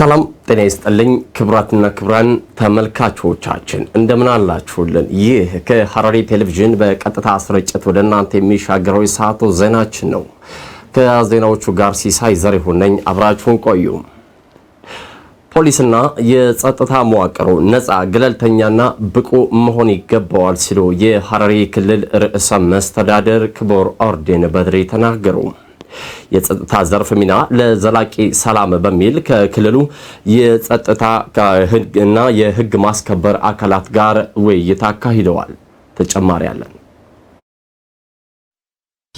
ሰላም ጤና ይስጥልኝ ክቡራትና ክቡራን ተመልካቾቻችን እንደምን አላችሁልን? ይህ ከሐረሪ ቴሌቪዥን በቀጥታ ስርጭት ወደ እናንተ የሚሻገረው የሰዓቱ ዜናችን ነው። ከዜናዎቹ ጋር ሲሳይ ዘሪሁን ነኝ። አብራችሁን ቆዩ። ፖሊስና የጸጥታ መዋቅሩ ነፃ ገለልተኛና ብቁ መሆን ይገባዋል ሲሉ የሐረሪ ክልል ርዕሰ መስተዳደር ክቡር ኦርዲን በድሪ ተናገሩ። የጸጥታ ዘርፍ ሚና ለዘላቂ ሰላም በሚል ከክልሉ የጸጥታ እና የህግ ማስከበር አካላት ጋር ውይይት አካሂደዋል። ተጨማሪ አለን።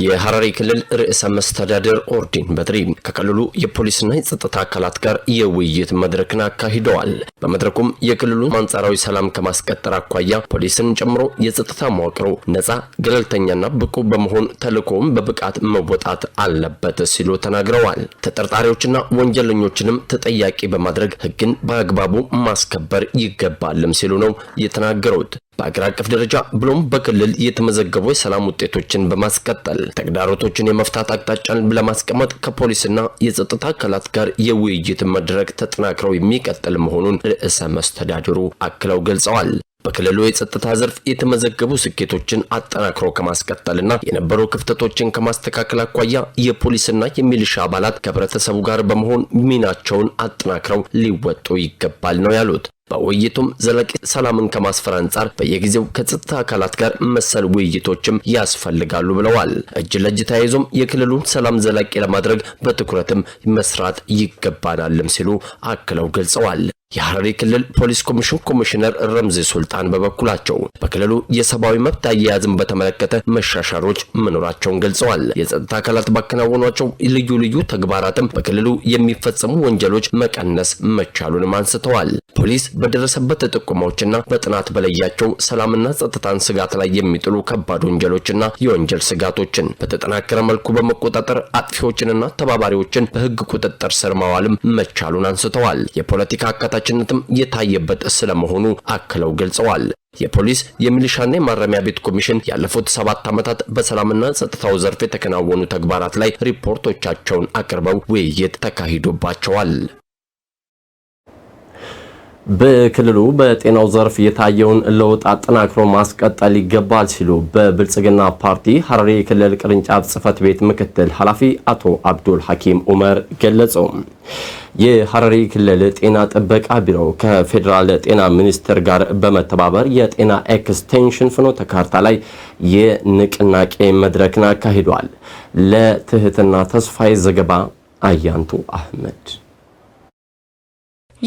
የሐረሪ ክልል ርዕሰ መስተዳደር ኦርዲን በድሪ ከክልሉ የፖሊስና የጸጥታ አካላት ጋር የውይይት መድረክን አካሂደዋል። በመድረኩም የክልሉን አንጻራዊ ሰላም ከማስቀጠር አኳያ ፖሊስን ጨምሮ የጸጥታ መዋቅሩ ነፃ፣ ገለልተኛና ብቁ በመሆን ተልዕኮውን በብቃት መወጣት አለበት ሲሉ ተናግረዋል። ተጠርጣሪዎችና ወንጀለኞችንም ተጠያቂ በማድረግ ሕግን በአግባቡ ማስከበር ይገባልም ሲሉ ነው የተናገሩት። በአገር አቀፍ ደረጃ ብሎም በክልል የተመዘገቡ የሰላም ውጤቶችን በማስቀጠል ተግዳሮቶችን የመፍታት አቅጣጫን ለማስቀመጥ ከፖሊስና የጸጥታ አካላት ጋር የውይይት መድረክ ተጠናክረው የሚቀጥል መሆኑን ርዕሰ መስተዳድሩ አክለው ገልጸዋል። በክልሉ የጸጥታ ዘርፍ የተመዘገቡ ስኬቶችን አጠናክሮ ከማስቀጠልና የነበሩ ክፍተቶችን ከማስተካከል አኳያ የፖሊስና የሚሊሻ አባላት ከህብረተሰቡ ጋር በመሆን ሚናቸውን አጠናክረው ሊወጡ ይገባል ነው ያሉት። በውይይቱም ዘላቂ ሰላምን ከማስፈር አንጻር በየጊዜው ከጸጥታ አካላት ጋር መሰል ውይይቶችም ያስፈልጋሉ ብለዋል። እጅ ለእጅ ተያይዞም የክልሉን ሰላም ዘላቂ ለማድረግ በትኩረትም መስራት ይገባናልም ሲሉ አክለው ገልጸዋል። የሐረሪ ክልል ፖሊስ ኮሚሽን ኮሚሽነር ረምዜ ሱልጣን በበኩላቸው በክልሉ የሰብአዊ መብት አያያዝን በተመለከተ መሻሻሎች መኖራቸውን ገልጸዋል። የጸጥታ አካላት ባከናወኗቸው ልዩ ልዩ ተግባራትም በክልሉ የሚፈጸሙ ወንጀሎች መቀነስ መቻሉንም አንስተዋል። ፖሊስ በደረሰበት ጥቆማዎችና በጥናት በለያቸው ሰላምና ጸጥታን ስጋት ላይ የሚጥሉ ከባድ ወንጀሎችና የወንጀል ስጋቶችን በተጠናከረ መልኩ በመቆጣጠር አጥፊዎችንና ተባባሪዎችን በህግ ቁጥጥር ስር ማዋልም መቻሉን አንስተዋል። የፖለቲካ አካታ አካታችነትም የታየበት ስለመሆኑ አክለው ገልጸዋል። የፖሊስ የሚሊሻና የማረሚያ ቤት ኮሚሽን ያለፉት ሰባት ዓመታት በሰላምና ጸጥታው ዘርፍ የተከናወኑ ተግባራት ላይ ሪፖርቶቻቸውን አቅርበው ውይይት ተካሂዶባቸዋል። በክልሉ በጤናው ዘርፍ የታየውን ለውጥ አጠናክሮ ማስቀጠል ይገባል ሲሉ በብልጽግና ፓርቲ ሐረሪ ክልል ቅርንጫፍ ጽህፈት ቤት ምክትል ኃላፊ አቶ አብዱል ሐኪም ኡመር ገለጹ። የሐረሪ ክልል ጤና ጥበቃ ቢሮ ከፌዴራል ጤና ሚኒስቴር ጋር በመተባበር የጤና ኤክስቴንሽን ፍኖተ ካርታ ላይ የንቅናቄ መድረክን አካሂዷል። ለትህትና ተስፋዬ ዘገባ አያንቱ አህመድ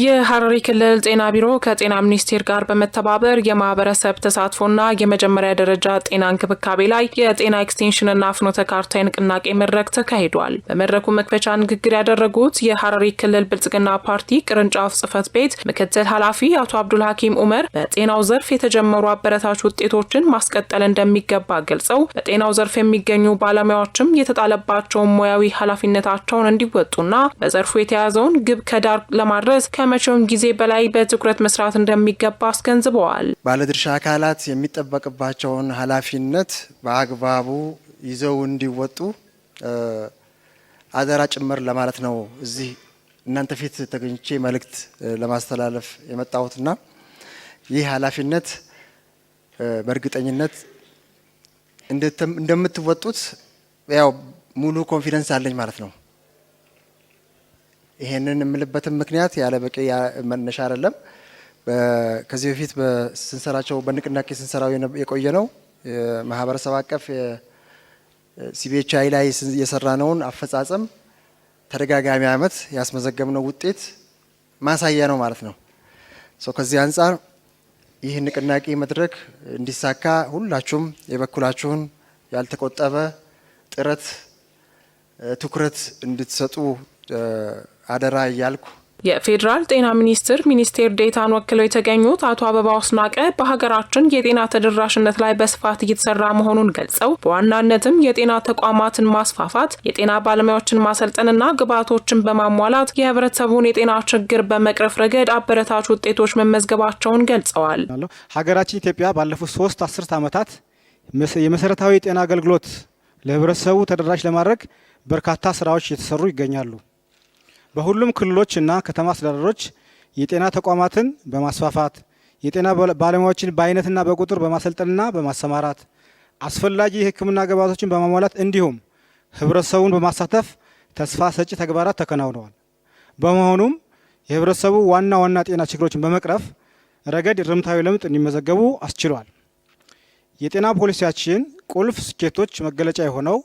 የሐረሪ ክልል ጤና ቢሮ ከጤና ሚኒስቴር ጋር በመተባበር የማህበረሰብ ተሳትፎና የመጀመሪያ ደረጃ ጤና እንክብካቤ ላይ የጤና ኤክስቴንሽንና ፍኖተ ካርታ የንቅናቄ መድረክ ተካሂዷል። በመድረኩ መክፈቻ ንግግር ያደረጉት የሐረሪ ክልል ብልጽግና ፓርቲ ቅርንጫፍ ጽህፈት ቤት ምክትል ኃላፊ አቶ አብዱል ሐኪም ኡመር በጤናው ዘርፍ የተጀመሩ አበረታች ውጤቶችን ማስቀጠል እንደሚገባ ገልጸው በጤናው ዘርፍ የሚገኙ ባለሙያዎችም የተጣለባቸውን ሙያዊ ኃላፊነታቸውን እንዲወጡና በዘርፉ የተያዘውን ግብ ከዳር ለማድረስ ከመቼውም ጊዜ በላይ በትኩረት መስራት እንደሚገባ አስገንዝበዋል። ባለድርሻ አካላት የሚጠበቅባቸውን ኃላፊነት በአግባቡ ይዘው እንዲወጡ አደራ ጭምር ለማለት ነው እዚህ እናንተ ፊት ተገኝቼ መልእክት ለማስተላለፍ የመጣሁትና ይህ ኃላፊነት በእርግጠኝነት እንደምትወጡት ያው ሙሉ ኮንፊደንስ አለኝ ማለት ነው። ይሄንን የምልበትም ምክንያት ያለ በቂ መነሻ አይደለም። ከዚህ በፊት ስንሰራቸው በንቅናቄ ስንሰራው የቆየ ነው። ማህበረሰብ አቀፍ ሲቢኤችአይ ላይ የሰራ ነውን አፈጻጸም ተደጋጋሚ ዓመት ያስመዘገብነው ውጤት ማሳያ ነው ማለት ነው። ከዚህ አንጻር ይህ ንቅናቄ መድረክ እንዲሳካ ሁላችሁም የበኩላችሁን ያልተቆጠበ ጥረት፣ ትኩረት እንድትሰጡ አደራ እያልኩ የፌዴራል ጤና ሚኒስቴር ሚኒስቴር ዴታን ወክለው የተገኙት አቶ አበባ አስናቀ በሀገራችን የጤና ተደራሽነት ላይ በስፋት እየተሰራ መሆኑን ገልጸው በዋናነትም የጤና ተቋማትን ማስፋፋት፣ የጤና ባለሙያዎችን ማሰልጠንና ግብዓቶችን በማሟላት የህብረተሰቡን የጤና ችግር በመቅረፍ ረገድ አበረታች ውጤቶች መመዝገባቸውን ገልጸዋል። ሀገራችን ኢትዮጵያ ባለፉት ሶስት አስርት ዓመታት የመሰረታዊ የጤና አገልግሎት ለህብረተሰቡ ተደራሽ ለማድረግ በርካታ ስራዎች እየተሰሩ ይገኛሉ። በሁሉም ክልሎች እና ከተማ አስተዳደሮች የጤና ተቋማትን በማስፋፋት የጤና ባለሙያዎችን በአይነትና በቁጥር በማሰልጠንና በማሰማራት አስፈላጊ የሕክምና ግብዓቶችን በማሟላት እንዲሁም ህብረተሰቡን በማሳተፍ ተስፋ ሰጪ ተግባራት ተከናውነዋል። በመሆኑም የህብረተሰቡ ዋና ዋና ጤና ችግሮችን በመቅረፍ ረገድ ርምታዊ ለምጥ እንዲመዘገቡ አስችሏል። የጤና ፖሊሲያችን ቁልፍ ስኬቶች መገለጫ የሆነው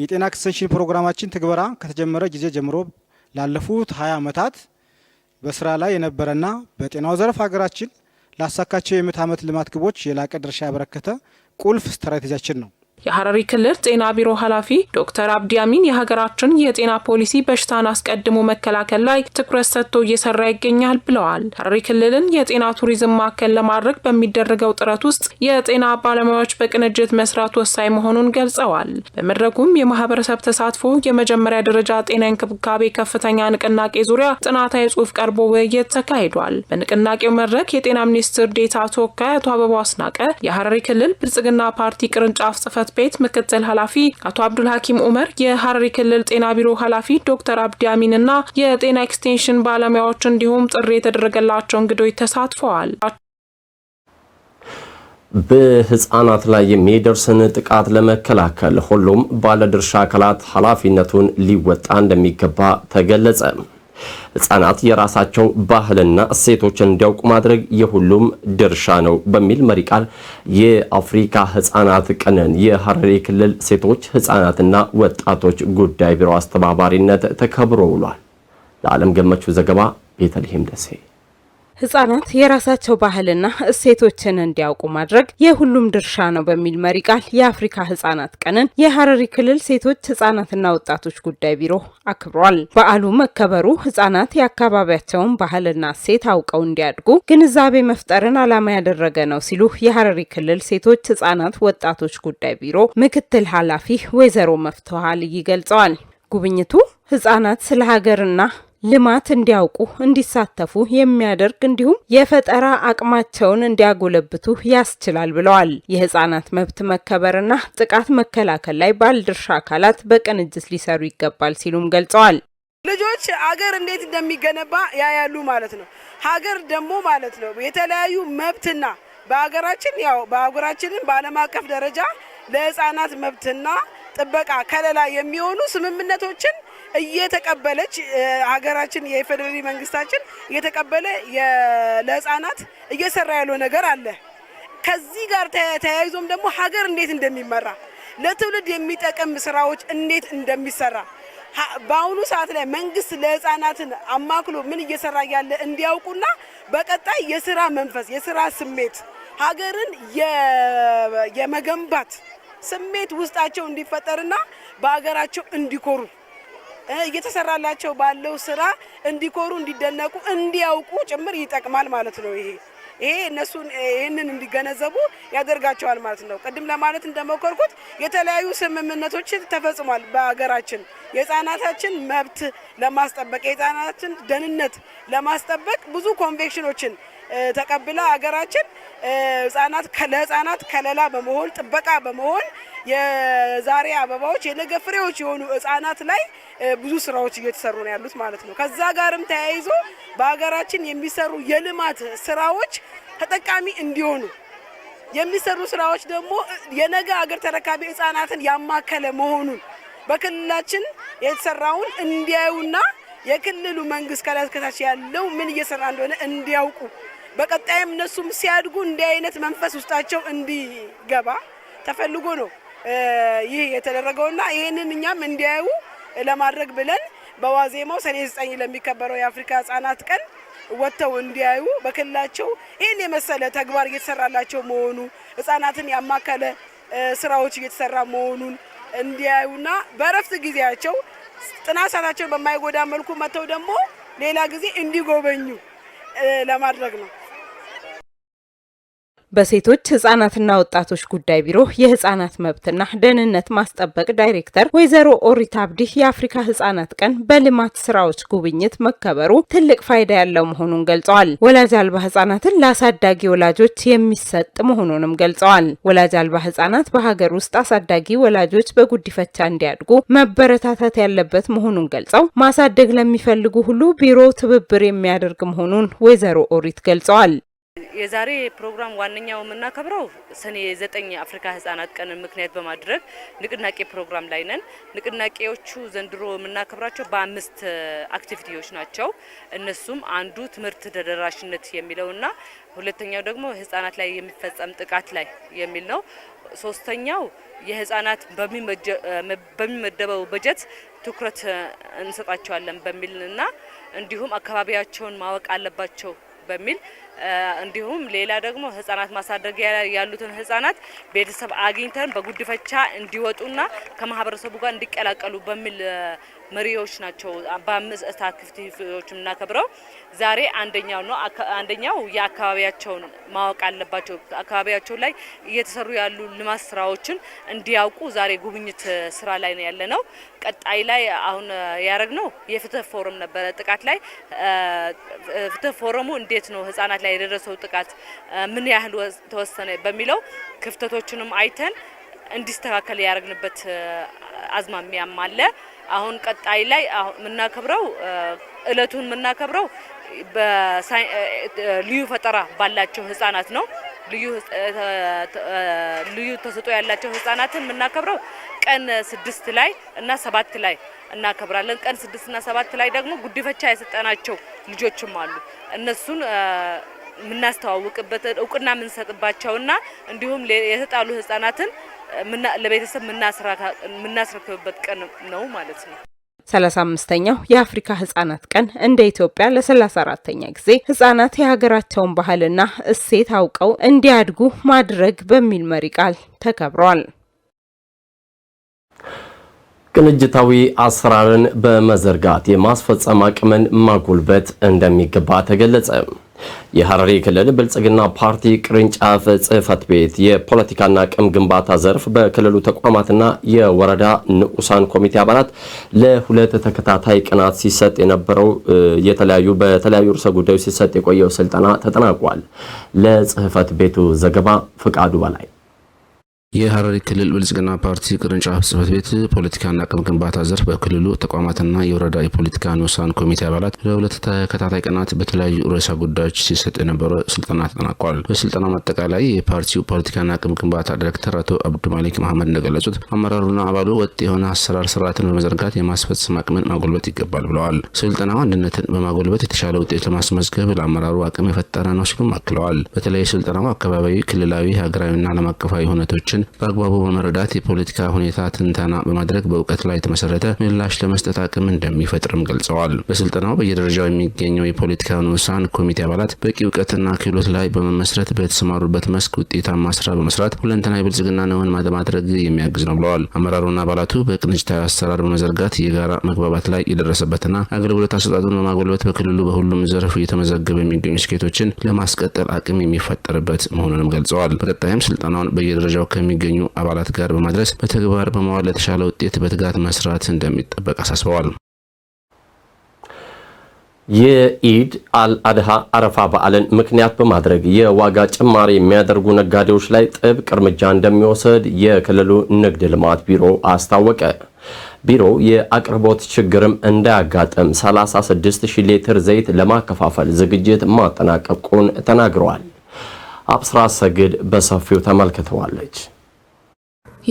የጤና ኤክስቴንሽን ፕሮግራማችን ትግበራ ከተጀመረ ጊዜ ጀምሮ ላለፉት 20 ዓመታት በስራ ላይ የነበረና በጤናው ዘርፍ ሀገራችን ላሳካቸው የምዕተ ዓመት ልማት ግቦች የላቀ ድርሻ ያበረከተ ቁልፍ ስትራቴጂያችን ነው። የሐረሪ ክልል ጤና ቢሮ ኃላፊ ዶክተር አብዲ አሚን የሀገራችን የጤና ፖሊሲ በሽታን አስቀድሞ መከላከል ላይ ትኩረት ሰጥቶ እየሰራ ይገኛል ብለዋል። ሐረሪ ክልልን የጤና ቱሪዝም ማዕከል ለማድረግ በሚደረገው ጥረት ውስጥ የጤና ባለሙያዎች በቅንጅት መስራት ወሳኝ መሆኑን ገልጸዋል። በመድረኩም የማህበረሰብ ተሳትፎ የመጀመሪያ ደረጃ ጤና እንክብካቤ ከፍተኛ ንቅናቄ ዙሪያ ጥናታዊ ጽሑፍ ቀርቦ ውይይት ተካሂዷል። በንቅናቄው መድረክ የጤና ሚኒስትር ዴታ ተወካይ አቶ አበባው አስናቀ፣ የሐረሪ ክልል ብልጽግና ፓርቲ ቅርንጫፍ ጽፈት ጽህፈት ቤት ምክትል ኃላፊ አቶ አብዱል ሀኪም ኡመር፣ የሀረሪ ክልል ጤና ቢሮ ኃላፊ ዶክተር አብዲ አሚን እና የጤና ኤክስቴንሽን ባለሙያዎች እንዲሁም ጥሪ የተደረገላቸው እንግዶች ተሳትፈዋል። በህፃናት ላይ የሚደርስን ጥቃት ለመከላከል ሁሉም ባለድርሻ አካላት ኃላፊነቱን ሊወጣ እንደሚገባ ተገለጸ። ህጻናት የራሳቸው ባህልና እሴቶችን እንዲያውቁ ማድረግ የሁሉም ድርሻ ነው በሚል መሪ ቃል የአፍሪካ ህጻናት ቀንን የሐረሪ ክልል ሴቶች ህጻናትና ወጣቶች ጉዳይ ቢሮ አስተባባሪነት ተከብሮ ውሏል። ለዓለም ገመቹ ዘገባ ቤተልሔም ደሴ ህጻናት የራሳቸው ባህልና እሴቶችን እንዲያውቁ ማድረግ የሁሉም ድርሻ ነው በሚል መሪ ቃል የአፍሪካ ህጻናት ቀንን የሀረሪ ክልል ሴቶች ህጻናትና ወጣቶች ጉዳይ ቢሮ አክብሯል። በዓሉ መከበሩ ህጻናት የአካባቢያቸውን ባህልና እሴት አውቀው እንዲያድጉ ግንዛቤ መፍጠርን ዓላማ ያደረገ ነው ሲሉ የሀረሪ ክልል ሴቶች ህጻናት ወጣቶች ጉዳይ ቢሮ ምክትል ኃላፊ ወይዘሮ መፍትሀ ልይ ገልጸዋል። ጉብኝቱ ህጻናት ስለ ሀገርና ልማት እንዲያውቁ እንዲሳተፉ የሚያደርግ እንዲሁም የፈጠራ አቅማቸውን እንዲያጎለብቱ ያስችላል ብለዋል። የህጻናት መብት መከበርና ጥቃት መከላከል ላይ ባለድርሻ አካላት በቅንጅት ሊሰሩ ይገባል ሲሉም ገልጸዋል። ልጆች አገር እንዴት እንደሚገነባ ያያሉ ማለት ነው። ሀገር ደግሞ ማለት ነው የተለያዩ መብትና በሀገራችን ያው በአህጉራችንም በዓለም አቀፍ ደረጃ ለህጻናት መብትና ጥበቃ ከለላ የሚሆኑ ስምምነቶችን እየተቀበለች ሀገራችን የፌዴራል መንግስታችን እየተቀበለ ለህፃናት እየሰራ ያለው ነገር አለ። ከዚህ ጋር ተያይዞም ደግሞ ሀገር እንዴት እንደሚመራ ለትውልድ የሚጠቅም ስራዎች እንዴት እንደሚሰራ በአሁኑ ሰዓት ላይ መንግስት ለህፃናትን አማክሎ ምን እየሰራ ያለ እንዲያውቁና በቀጣይ የስራ መንፈስ የስራ ስሜት ሀገርን የመገንባት ስሜት ውስጣቸው እንዲፈጠርና በሀገራቸው እንዲኮሩ እየተሰራላቸው ባለው ስራ እንዲኮሩ፣ እንዲደነቁ፣ እንዲያውቁ ጭምር ይጠቅማል ማለት ነው ይሄ ይሄ እነሱን ይህንን እንዲገነዘቡ ያደርጋቸዋል ማለት ነው። ቅድም ለማለት እንደሞከርኩት የተለያዩ ስምምነቶች ተፈጽሟል በሀገራችን የህፃናታችን መብት ለማስጠበቅ የህፃናትን ደህንነት ለማስጠበቅ ብዙ ኮንቬንሽኖችን ተቀብላ ሀገራችን ህጻናት ለህጻናት ከለላ በመሆን ጥበቃ በመሆን የዛሬ አበባዎች የነገ ፍሬዎች የሆኑ ህጻናት ላይ ብዙ ስራዎች እየተሰሩ ነው ያሉት ማለት ነው። ከዛ ጋርም ተያይዞ በሀገራችን የሚሰሩ የልማት ስራዎች ተጠቃሚ እንዲሆኑ የሚሰሩ ስራዎች ደግሞ የነገ አገር ተረካቢ ህጻናትን ያማከለ መሆኑን በክልላችን የተሰራውን እንዲያዩና የክልሉ መንግስት ከላይ እስከታች ያለው ምን እየሰራ እንደሆነ እንዲያውቁ በቀጣይም እነሱም ሲያድጉ እንዲህ አይነት መንፈስ ውስጣቸው እንዲገባ ተፈልጎ ነው ይህ የተደረገውና ይህንን እኛም እንዲያዩ ለማድረግ ብለን በዋዜማው ሰኔ ዘጠኝ ለሚከበረው የአፍሪካ ህጻናት ቀን ወጥተው እንዲያዩ በክልላቸው ይህን የመሰለ ተግባር እየተሰራላቸው መሆኑ ህጻናትን ያማከለ ስራዎች እየተሰራ መሆኑን እንዲያዩና በእረፍት ጊዜያቸው ጥናት ሰዓታቸውን በማይጎዳ መልኩ መጥተው ደግሞ ሌላ ጊዜ እንዲጎበኙ ለማድረግ ነው። በሴቶች ህጻናትና ወጣቶች ጉዳይ ቢሮ የህጻናት መብትና ደህንነት ማስጠበቅ ዳይሬክተር ወይዘሮ ኦሪት አብዲህ የአፍሪካ ህጻናት ቀን በልማት ስራዎች ጉብኝት መከበሩ ትልቅ ፋይዳ ያለው መሆኑን ገልጸዋል። ወላጅ አልባ ህጻናትን ለአሳዳጊ ወላጆች የሚሰጥ መሆኑንም ገልጸዋል። ወላጅ አልባ ህጻናት በሀገር ውስጥ አሳዳጊ ወላጆች በጉዲፈቻ እንዲያድጉ መበረታታት ያለበት መሆኑን ገልጸው ማሳደግ ለሚፈልጉ ሁሉ ቢሮ ትብብር የሚያደርግ መሆኑን ወይዘሮ ኦሪት ገልጸዋል። የዛሬ ፕሮግራም ዋነኛው የምናከብረው ሰኔ ዘጠኝ የአፍሪካ ህጻናት ቀንን ምክንያት በማድረግ ንቅናቄ ፕሮግራም ላይ ነን። ንቅናቄዎቹ ዘንድሮ የምናከብራቸው በአምስት አክቲቪቲዎች ናቸው። እነሱም አንዱ ትምህርት ተደራሽነት የሚለውና ሁለተኛው ደግሞ ህጻናት ላይ የሚፈጸም ጥቃት ላይ የሚል ነው። ሶስተኛው የህጻናት በሚመደበው በጀት ትኩረት እንሰጣቸዋለን በሚልና እንዲሁም አካባቢያቸውን ማወቅ አለባቸው በሚል እንዲሁም ሌላ ደግሞ ህጻናት ማሳደጊያ ያሉትን ህጻናት ቤተሰብ አግኝተን በጉድፈቻ እንዲወጡና ከማህበረሰቡ ጋር እንዲቀላቀሉ በሚል መሪዎች ናቸው። በአምስት አክቲቪቲዎች የምናከብረው ዛሬ አንደኛው ነው። አንደኛው የአካባቢያቸውን ማወቅ አለባቸው። አካባቢያቸው ላይ እየተሰሩ ያሉ ልማት ስራዎችን እንዲያውቁ ዛሬ ጉብኝት ስራ ላይ ነው ያለ ነው። ቀጣይ ላይ አሁን ያደረግ ነው የፍትህ ፎረም ነበረ። ጥቃት ላይ ፍትህ ፎረሙ እንዴት ነው ህጻናት ላይ የደረሰው ጥቃት ምን ያህል ተወሰነ በሚለው ክፍተቶችንም አይተን እንዲስተካከል ያደረግንበት አዝማሚያም አለ። አሁን ቀጣይ ላይ የምናከብረው እለቱን የምናከብረው ልዩ ፈጠራ ባላቸው ህጻናት ነው። ልዩ ተሰጦ ያላቸው ህጻናትን የምናከብረው ቀን ስድስት ላይ እና ሰባት ላይ እናከብራለን። ቀን ስድስት እና ሰባት ላይ ደግሞ ጉዲፈቻ የሰጠናቸው ልጆችም አሉ። እነሱን የምናስተዋውቅበት እውቅና የምንሰጥባቸውና እንዲሁም የተጣሉ ህጻናትን ለቤተሰብ የምናስረክብበት ቀን ነው ማለት ነው። አምስተኛው የአፍሪካ ህጻናት ቀን እንደ ኢትዮጵያ ለ አራተኛ ተኛ ጊዜ ህጻናት የሀገራቸውን ባህልና እሴት አውቀው እንዲያድጉ ማድረግ በሚል መሪ ቃል ተከብሯል። ቅንጅታዊ አሰራርን በመዘርጋት የማስፈጸም አቅምን ማጎልበት እንደሚገባ ተገለጸ። የሐረሪ ክልል ብልጽግና ፓርቲ ቅርንጫፍ ጽህፈት ቤት የፖለቲካና አቅም ግንባታ ዘርፍ በክልሉ ተቋማትና የወረዳ ንዑሳን ኮሚቴ አባላት ለሁለት ተከታታይ ቀናት ሲሰጥ የነበረው የተለያዩ በተለያዩ ርዕሰ ጉዳዮች ሲሰጥ የቆየው ስልጠና ተጠናቋል። ለጽህፈት ቤቱ ዘገባ ፍቃዱ በላይ የሐረሪ ክልል ብልጽግና ፓርቲ ቅርንጫፍ ጽህፈት ቤት ፖለቲካና አቅም ግንባታ ዘርፍ በክልሉ ተቋማትና የወረዳ የፖለቲካ ንዑሳን ኮሚቴ አባላት ለሁለት ተከታታይ ቀናት በተለያዩ ርዕሰ ጉዳዮች ሲሰጥ የነበረ ስልጠና ተጠናቋል። በስልጠናው ማጠቃላይ የፓርቲው ፖለቲካና አቅም ግንባታ ዳይሬክተር አቶ አብዱ ማሊክ መሐመድ እንደገለጹት አመራሩና አባሉ ወጥ የሆነ አሰራር ስርዓትን በመዘርጋት የማስፈጸም አቅምን ማጎልበት ይገባል ብለዋል። ስልጠናው አንድነትን በማጎልበት የተሻለ ውጤት ለማስመዝገብ ለአመራሩ አቅም የፈጠረ ነው ሲሉም አክለዋል። በተለይ ስልጠናው አካባቢያዊ፣ ክልላዊ፣ ሀገራዊና ዓለም አቀፋዊ ሁነቶችን ሁኔታዎችን በአግባቡ በመረዳት የፖለቲካ ሁኔታ ትንተና በማድረግ በእውቀት ላይ የተመሰረተ ምላሽ ለመስጠት አቅም እንደሚፈጥርም ገልጸዋል። በስልጠናው በየደረጃው የሚገኘው የፖለቲካ ንዑሳን ኮሚቴ አባላት በቂ እውቀትና ክህሎት ላይ በመመስረት በተሰማሩበት መስክ ውጤታማ ስራ በመስራት ሁለንተና የብልጽግና ነውን ለማድረግ የሚያግዝ ነው ብለዋል። አመራሩና አባላቱ በቅንጅታዊ አሰራር በመዘርጋት የጋራ መግባባት ላይ የደረሰበትና አገልግሎት አሰጣጡን በማጎልበት በክልሉ በሁሉም ዘርፍ እየተመዘገበ የሚገኙ ስኬቶችን ለማስቀጠል አቅም የሚፈጠርበት መሆኑንም ገልጸዋል። በቀጣይም ስልጠናውን በየደረጃው ከሚ ከሚገኙ አባላት ጋር በማድረስ በተግባር በመዋል ለተሻለ ውጤት በትጋት መስራት እንደሚጠበቅ አሳስበዋል። የኢድ አልአድሃ አረፋ በዓልን ምክንያት በማድረግ የዋጋ ጭማሪ የሚያደርጉ ነጋዴዎች ላይ ጥብቅ እርምጃ እንደሚወሰድ የክልሉ ንግድ ልማት ቢሮ አስታወቀ። ቢሮው የአቅርቦት ችግርም እንዳያጋጥም 36000 ሊትር ዘይት ለማከፋፈል ዝግጅት ማጠናቀቁን ተናግረዋል። አብስራ ሰግድ በሰፊው ተመልክተዋለች።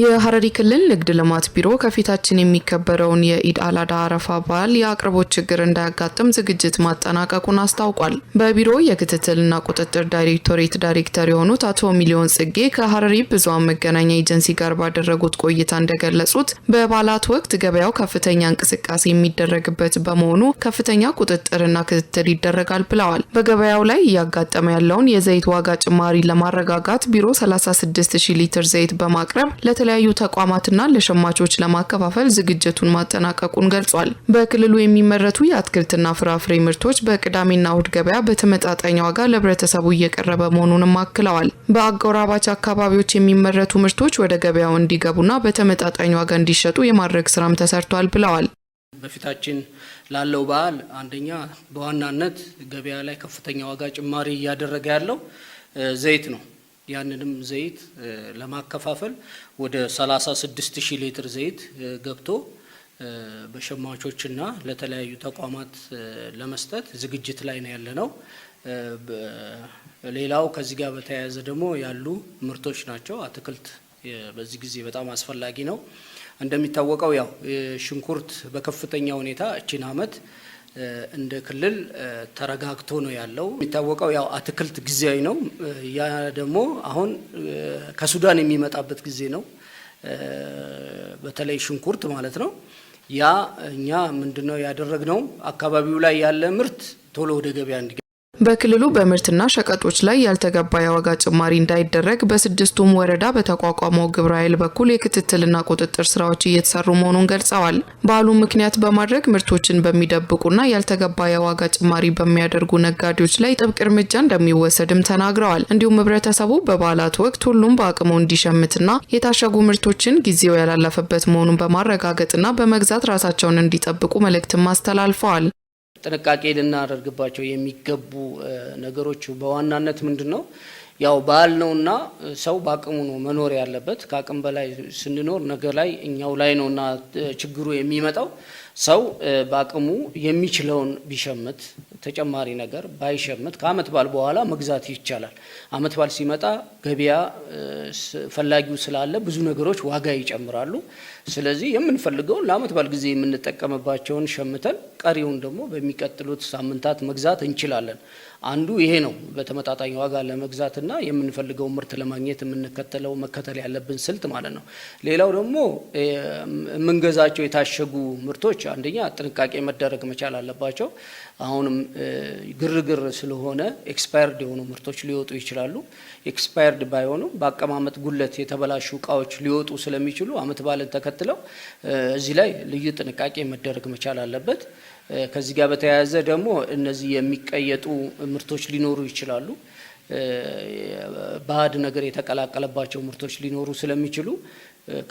የሀረሪ ክልል ንግድ ልማት ቢሮ ከፊታችን የሚከበረውን የኢድ አላዳ አረፋ በዓል የአቅርቦት ችግር እንዳያጋጥም ዝግጅት ማጠናቀቁን አስታውቋል። በቢሮ የክትትልና ቁጥጥር ዳይሬክቶሬት ዳይሬክተር የሆኑት አቶ ሚሊዮን ጽጌ ከሀረሪ ብዙኃን መገናኛ ኤጀንሲ ጋር ባደረጉት ቆይታ እንደገለጹት በበዓላት ወቅት ገበያው ከፍተኛ እንቅስቃሴ የሚደረግበት በመሆኑ ከፍተኛ ቁጥጥርና ክትትል ይደረጋል ብለዋል። በገበያው ላይ እያጋጠመ ያለውን የዘይት ዋጋ ጭማሪ ለማረጋጋት ቢሮ 36 ሺህ ሊትር ዘይት በማቅረብ ለተ ለተለያዩ ተቋማትና ለሸማቾች ለማከፋፈል ዝግጅቱን ማጠናቀቁን ገልጿል። በክልሉ የሚመረቱ የአትክልትና ፍራፍሬ ምርቶች በቅዳሜና እሁድ ገበያ በተመጣጣኝ ዋጋ ለህብረተሰቡ እየቀረበ መሆኑንም አክለዋል። በአጎራባች አካባቢዎች የሚመረቱ ምርቶች ወደ ገበያው እንዲገቡና በተመጣጣኝ ዋጋ እንዲሸጡ የማድረግ ስራም ተሰርቷል ብለዋል። በፊታችን ላለው በዓል አንደኛ በዋናነት ገበያ ላይ ከፍተኛ ዋጋ ጭማሪ እያደረገ ያለው ዘይት ነው። ያንንም ዘይት ለማከፋፈል ወደ 36 ሺህ ሊትር ዘይት ገብቶ በሸማቾችና ለተለያዩ ተቋማት ለመስጠት ዝግጅት ላይ ነው ያለ ነው። ሌላው ከዚህ ጋር በተያያዘ ደግሞ ያሉ ምርቶች ናቸው። አትክልት በዚህ ጊዜ በጣም አስፈላጊ ነው። እንደሚታወቀው ያው ሽንኩርት በከፍተኛ ሁኔታ እችን አመት እንደ ክልል ተረጋግቶ ነው ያለው። የሚታወቀው ያው አትክልት ጊዜያዊ ነው። ያ ደግሞ አሁን ከሱዳን የሚመጣበት ጊዜ ነው። በተለይ ሽንኩርት ማለት ነው። ያ እኛ ምንድነው ያደረግነው አካባቢው ላይ ያለ ምርት ቶሎ ወደ ገበያ እንዲገ በክልሉ በምርትና ሸቀጦች ላይ ያልተገባ የዋጋ ጭማሪ እንዳይደረግ በስድስቱም ወረዳ በተቋቋመው ግብረ ኃይል በኩል የክትትልና ቁጥጥር ስራዎች እየተሰሩ መሆኑን ገልጸዋል። በዓሉን ምክንያት በማድረግ ምርቶችን በሚደብቁና ያልተገባ የዋጋ ጭማሪ በሚያደርጉ ነጋዴዎች ላይ ጥብቅ እርምጃ እንደሚወሰድም ተናግረዋል። እንዲሁም ህብረተሰቡ በበዓላት ወቅት ሁሉም በአቅሙ እንዲሸምትና የታሸጉ ምርቶችን ጊዜው ያላለፈበት መሆኑን በማረጋገጥና በመግዛት ራሳቸውን እንዲጠብቁ መልእክትም አስተላልፈዋል። ጥንቃቄ ልናደርግባቸው የሚገቡ ነገሮች በዋናነት ምንድን ነው? ያው ባህል ነውና ሰው በአቅሙ ነው መኖር ያለበት። ከአቅም በላይ ስንኖር ነገ ላይ እኛው ላይ ነውና ችግሩ የሚመጣው። ሰው በአቅሙ የሚችለውን ቢሸምት ተጨማሪ ነገር ባይሸምት ከአመት በዓል በኋላ መግዛት ይቻላል። አመት በዓል ሲመጣ ገበያ ፈላጊው ስላለ ብዙ ነገሮች ዋጋ ይጨምራሉ። ስለዚህ የምንፈልገውን ለአመት በዓል ጊዜ የምንጠቀምባቸውን ሸምተን ቀሪውን ደግሞ በሚቀጥሉት ሳምንታት መግዛት እንችላለን። አንዱ ይሄ ነው። በተመጣጣኝ ዋጋ ለመግዛትና የምንፈልገው ምርት ለማግኘት የምንከተለው መከተል ያለብን ስልት ማለት ነው። ሌላው ደግሞ የምንገዛቸው የታሸጉ ምርቶች አንደኛ ጥንቃቄ መደረግ መቻል አለባቸው። አሁንም ግርግር ስለሆነ ኤክስፓየርድ የሆኑ ምርቶች ሊወጡ ይችላሉ። ኤክስፓየርድ ባይሆኑ በአቀማመጥ ጉለት የተበላሹ እቃዎች ሊወጡ ስለሚችሉ አመት በዓልን ተከትለው እዚህ ላይ ልዩ ጥንቃቄ መደረግ መቻል አለበት። ከዚህ ጋር በተያያዘ ደግሞ እነዚህ የሚቀየጡ ምርቶች ሊኖሩ ይችላሉ። ባዕድ ነገር የተቀላቀለባቸው ምርቶች ሊኖሩ ስለሚችሉ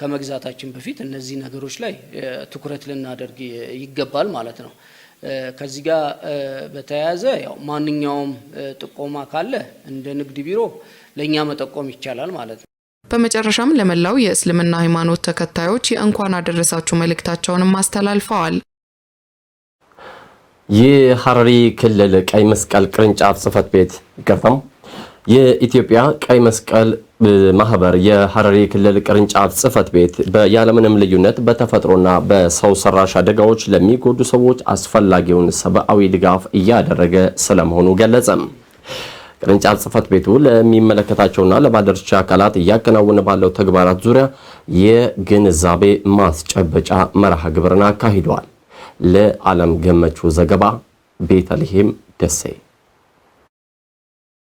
ከመግዛታችን በፊት እነዚህ ነገሮች ላይ ትኩረት ልናደርግ ይገባል ማለት ነው። ከዚህ ጋር በተያያዘ ያው ማንኛውም ጥቆማ ካለ እንደ ንግድ ቢሮ ለእኛ መጠቆም ይቻላል ማለት ነው። በመጨረሻም ለመላው የእስልምና ሃይማኖት ተከታዮች የእንኳን አደረሳችሁ መልእክታቸውንም አስተላልፈዋል። የሐረሪ ክልል ቀይ መስቀል ቅርንጫፍ ጽህፈት ቤት ገፈም የኢትዮጵያ ቀይ መስቀል ማህበር የሐረሪ ክልል ቅርንጫፍ ጽህፈት ቤት ያለምንም ልዩነት በተፈጥሮና በሰው ሰራሽ አደጋዎች ለሚጎዱ ሰዎች አስፈላጊውን ሰብአዊ ድጋፍ እያደረገ ስለመሆኑ ገለጸም። ቅርንጫፍ ጽህፈት ቤቱ ለሚመለከታቸውና ለባለድርሻ አካላት እያከናወነ ባለው ተግባራት ዙሪያ የግንዛቤ ማስጨበጫ መርሃ ግብርን አካሂደዋል። ለዓለም ገመቹ ዘገባ ቤተልሔም ደሴ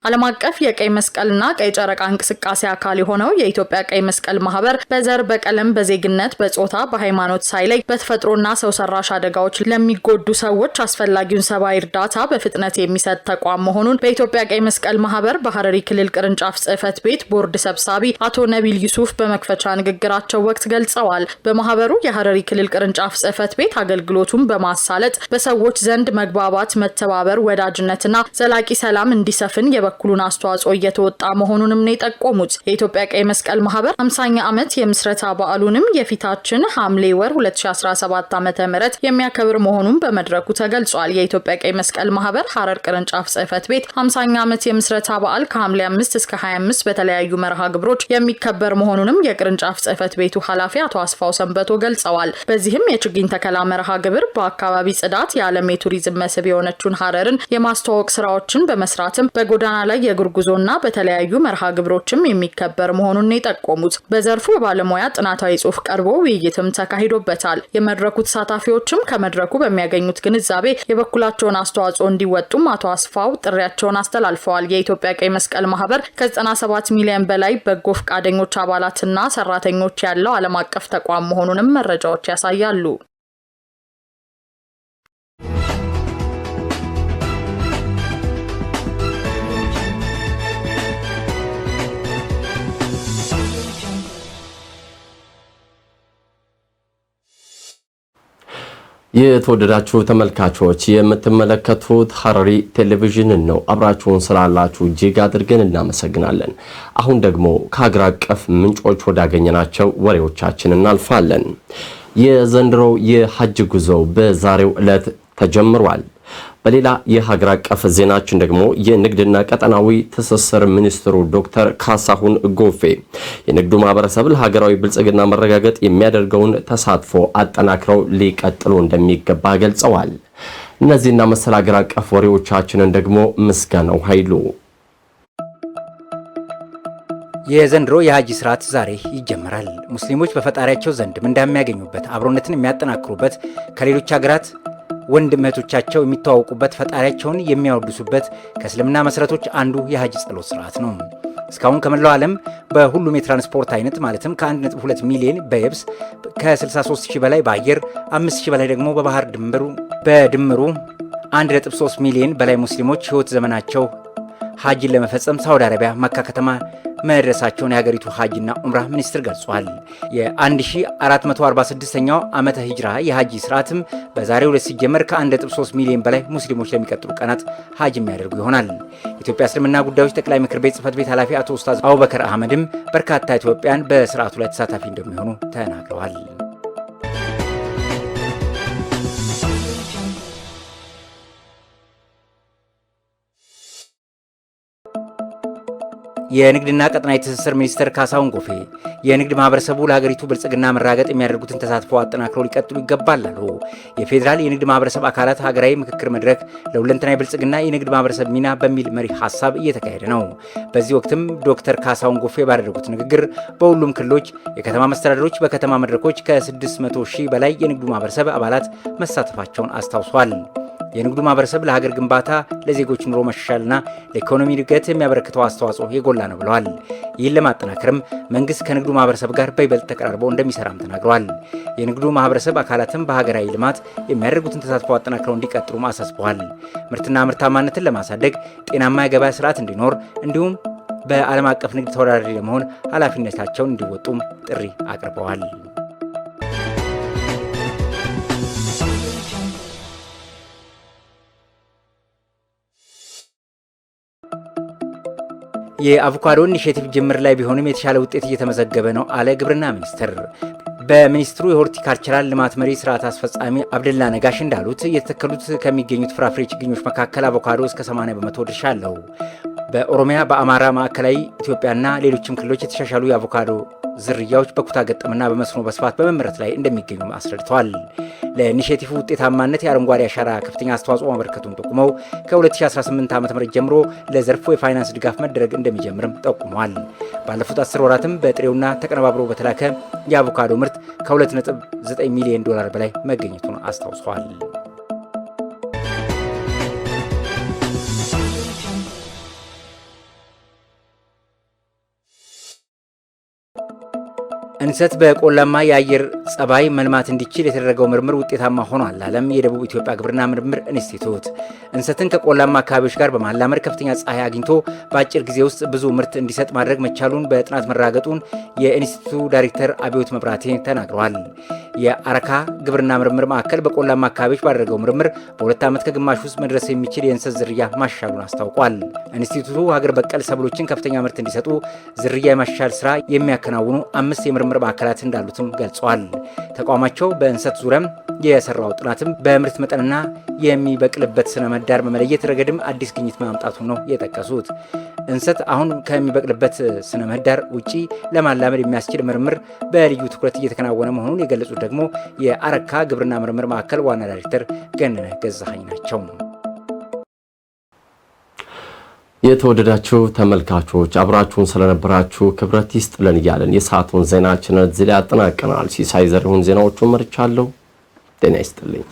ዓለም አቀፍ የቀይ መስቀልና ቀይ ጨረቃ እንቅስቃሴ አካል የሆነው የኢትዮጵያ ቀይ መስቀል ማህበር በዘር፣ በቀለም፣ በዜግነት፣ በጾታ፣ በሃይማኖት ሳይለይ በተፈጥሮና ሰው ሰራሽ አደጋዎች ለሚጎዱ ሰዎች አስፈላጊውን ሰብአዊ እርዳታ በፍጥነት የሚሰጥ ተቋም መሆኑን በኢትዮጵያ ቀይ መስቀል ማህበር በሐረሪ ክልል ቅርንጫፍ ጽህፈት ቤት ቦርድ ሰብሳቢ አቶ ነቢል ዩሱፍ በመክፈቻ ንግግራቸው ወቅት ገልጸዋል። በማህበሩ የሐረሪ ክልል ቅርንጫፍ ጽህፈት ቤት አገልግሎቱን በማሳለጥ በሰዎች ዘንድ መግባባት፣ መተባበር፣ ወዳጅነትና ዘላቂ ሰላም እንዲሰፍን የበ የበኩሉን አስተዋጽኦ እየተወጣ መሆኑንም ነው የጠቆሙት። የኢትዮጵያ ቀይ መስቀል ማህበር 50 ዓመት የምስረታ በዓሉንም የፊታችን ሐምሌ ወር 2017 ዓ ም የሚያከብር መሆኑን በመድረኩ ተገልጿል። የኢትዮጵያ ቀይ መስቀል ማህበር ሐረር ቅርንጫፍ ጽህፈት ቤት 50 ዓመት የምስረታ በዓል ከሐምሌ 5 እስከ 25 በተለያዩ መርሃ ግብሮች የሚከበር መሆኑንም የቅርንጫፍ ጽህፈት ቤቱ ኃላፊ አቶ አስፋው ሰንበቶ ገልጸዋል። በዚህም የችግኝ ተከላ መርሃ ግብር በአካባቢ ጽዳት የዓለም የቱሪዝም መስህብ የሆነችውን ሐረርን የማስተዋወቅ ስራዎችን በመስራትም በጎዳና ላይ የእግር ጉዞና በተለያዩ መርሃ ግብሮችም የሚከበር መሆኑን የጠቆሙት በዘርፉ የባለሙያ ጥናታዊ ጽሑፍ ቀርቦ ውይይትም ተካሂዶበታል። የመድረኩ ተሳታፊዎችም ከመድረኩ በሚያገኙት ግንዛቤ የበኩላቸውን አስተዋጽኦ እንዲወጡም አቶ አስፋው ጥሪያቸውን አስተላልፈዋል። የኢትዮጵያ ቀይ መስቀል ማህበር ከ97 ሚሊዮን በላይ በጎ ፈቃደኞች አባላትና ሰራተኞች ያለው ዓለም አቀፍ ተቋም መሆኑንም መረጃዎች ያሳያሉ። የተወደዳችሁ ተመልካቾች የምትመለከቱት ሐረሪ ቴሌቪዥንን ነው። አብራችሁን ስላላችሁ እጅግ አድርገን እናመሰግናለን። አሁን ደግሞ ከሀገር አቀፍ ምንጮች ወዳገኘናቸው ወሬዎቻችን እናልፋለን። የዘንድሮው የሐጅ ጉዞ በዛሬው ዕለት ተጀምሯል። በሌላ የሀገር አቀፍ ዜናችን ደግሞ የንግድና ቀጠናዊ ትስስር ሚኒስትሩ ዶክተር ካሳሁን ጎፌ የንግዱ ማህበረሰብ ለሀገራዊ ብልጽግና መረጋገጥ የሚያደርገውን ተሳትፎ አጠናክረው ሊቀጥሉ እንደሚገባ ገልጸዋል። እነዚህና መሰል ሀገር አቀፍ ወሬዎቻችንን ደግሞ ምስጋናው ኃይሉ። የዘንድሮ የሀጂ ስርዓት ዛሬ ይጀመራል። ሙስሊሞች በፈጣሪያቸው ዘንድ ምንዳሚያገኙበት አብሮነትን የሚያጠናክሩበት ከሌሎች ሀገራት ወንድም እህቶቻቸው የሚተዋውቁበት፣ ፈጣሪያቸውን የሚያወድሱበት ከእስልምና መሠረቶች አንዱ የሐጅ ጸሎት ስርዓት ነው። እስካሁን ከመላው ዓለም በሁሉም የትራንስፖርት አይነት ማለትም ከ1.2 ሚሊዮን በየብስ ከ63000 በላይ በአየር 5000 በላይ ደግሞ በባህር ድምሩ በድምሩ 1.3 ሚሊዮን በላይ ሙስሊሞች ሕይወት ዘመናቸው ሀጅን ለመፈጸም ሳውዲ አረቢያ መካ ከተማ መድረሳቸውን የሀገሪቱ ሀጅና ዑምራ ሚኒስትር ገልጿል። የ1446ኛው ዓመተ ሂጅራ የሀጂ ስርዓትም በዛሬው ዕለት ሲጀመር ከ1.3 ሚሊዮን በላይ ሙስሊሞች ለሚቀጥሉ ቀናት ሀጅ የሚያደርጉ ይሆናል። የኢትዮጵያ እስልምና ጉዳዮች ጠቅላይ ምክር ቤት ጽህፈት ቤት ኃላፊ አቶ ኡስታዝ አቡበከር አህመድም በርካታ ኢትዮጵያን በስርዓቱ ላይ ተሳታፊ እንደሚሆኑ ተናግረዋል። የንግድና ቀጠናዊ ትስስር ሚኒስትር ካሳሁን ጎፌ የንግድ ማህበረሰቡ ለሀገሪቱ ብልጽግና መራገጥ የሚያደርጉትን ተሳትፎ አጠናክሮ ሊቀጥሉ ይገባል አሉ። የፌዴራል የንግድ ማህበረሰብ አካላት ሀገራዊ ምክክር መድረክ ለሁለንተና ብልጽግና የንግድ ማህበረሰብ ሚና በሚል መሪ ሀሳብ እየተካሄደ ነው። በዚህ ወቅትም ዶክተር ካሳሁን ጎፌ ባደረጉት ንግግር በሁሉም ክልሎች የከተማ መስተዳደሮች በከተማ መድረኮች ከ600 ሺህ በላይ የንግዱ ማህበረሰብ አባላት መሳተፋቸውን አስታውሷል። የንግዱ ማህበረሰብ ለሀገር ግንባታ፣ ለዜጎች ኑሮ መሻሻልና ለኢኮኖሚ እድገት የሚያበረክተው አስተዋጽኦ የጎላ ነው ብለዋል። ይህን ለማጠናከርም መንግስት ከንግዱ ማህበረሰብ ጋር በይበልጥ ተቀራርበው እንደሚሰራም ተናግረዋል። የንግዱ ማህበረሰብ አካላትም በሀገራዊ ልማት የሚያደርጉትን ተሳትፎ አጠናክረው እንዲቀጥሉም አሳስበዋል። ምርትና ምርታማነትን ለማሳደግ ጤናማ የገበያ ስርዓት እንዲኖር እንዲሁም በዓለም አቀፍ ንግድ ተወዳዳሪ ለመሆን ኃላፊነታቸውን እንዲወጡም ጥሪ አቅርበዋል። የአቮካዶ ኢኒሼቲቭ ጅምር ላይ ቢሆንም የተሻለ ውጤት እየተመዘገበ ነው አለ ግብርና ሚኒስትር። በሚኒስትሩ የሆርቲካልቸራል ልማት መሪ ስርዓት አስፈጻሚ አብደላ ነጋሽ እንዳሉት የተተከሉት ከሚገኙት ፍራፍሬ ችግኞች መካከል አቮካዶ እስከ 80 በመቶ ድርሻ አለው። በኦሮሚያ፣ በአማራ፣ ማዕከላዊ ኢትዮጵያና ሌሎችም ክልሎች የተሻሻሉ የአቮካዶ ዝርያዎች በኩታ ገጠምና በመስኖ በስፋት በመመረት ላይ እንደሚገኙ አስረድተዋል። ለኢኒሽቲቭ ውጤታማነት የአረንጓዴ አሻራ ከፍተኛ አስተዋጽኦ ማበረከቱን ጠቁመው ከ2018 ዓ ም ጀምሮ ለዘርፉ የፋይናንስ ድጋፍ መደረግ እንደሚጀምርም ጠቁመዋል። ባለፉት 10 ወራትም በጥሬውና ተቀነባብሮ በተላከ የአቮካዶ ምርት ከ2.9 ሚሊዮን ዶላር በላይ መገኘቱን አስታውሰዋል። እንሰት በቆላማ የአየር ጸባይ መልማት እንዲችል የተደረገው ምርምር ውጤታማ ሆኗል አለም የደቡብ ኢትዮጵያ ግብርና ምርምር ኢንስቲትዩት። እንሰትን ከቆላማ አካባቢዎች ጋር በማላመድ ከፍተኛ ፀሐይ አግኝቶ በአጭር ጊዜ ውስጥ ብዙ ምርት እንዲሰጥ ማድረግ መቻሉን በጥናት መራገጡን የኢንስቲትዩቱ ዳይሬክተር አብዮት መብራቴ ተናግረዋል። የአረካ ግብርና ምርምር ማዕከል በቆላማ አካባቢዎች ባደረገው ምርምር በሁለት ዓመት ከግማሽ ውስጥ መድረስ የሚችል የእንሰት ዝርያ ማሻሉን አስታውቋል። ኢንስቲትዩቱ ሀገር በቀል ሰብሎችን ከፍተኛ ምርት እንዲሰጡ ዝርያ የማሻል ስራ የሚያከናውኑ አምስት የምርምር ማዕከላት እንዳሉትም ገልጸዋል። ተቋማቸው በእንሰት ዙሪያም የሰራው ጥናትም በምርት መጠንና የሚበቅልበት ስነ ምህዳር በመለየት ረገድም አዲስ ግኝት ማምጣቱ ነው የጠቀሱት። እንሰት አሁን ከሚበቅልበት ስነ ምህዳር ውጪ ለማላመድ የሚያስችል ምርምር በልዩ ትኩረት እየተከናወነ መሆኑን የገለጹት ደግሞ የአረካ ግብርና ምርምር ማዕከል ዋና ዳይሬክተር ገነነ ገዛኸኝ ናቸው። የተወደዳችሁ ተመልካቾች አብራችሁን ስለነበራችሁ ክብረት ይስጥልን እያለን የሰዓቱን ዜናችንን እዚህ ላይ አጠናቀናል። ሲሳይ ዘሪሁን ዜናዎቹን መርቻለሁ። ጤና ይስጥልኝ።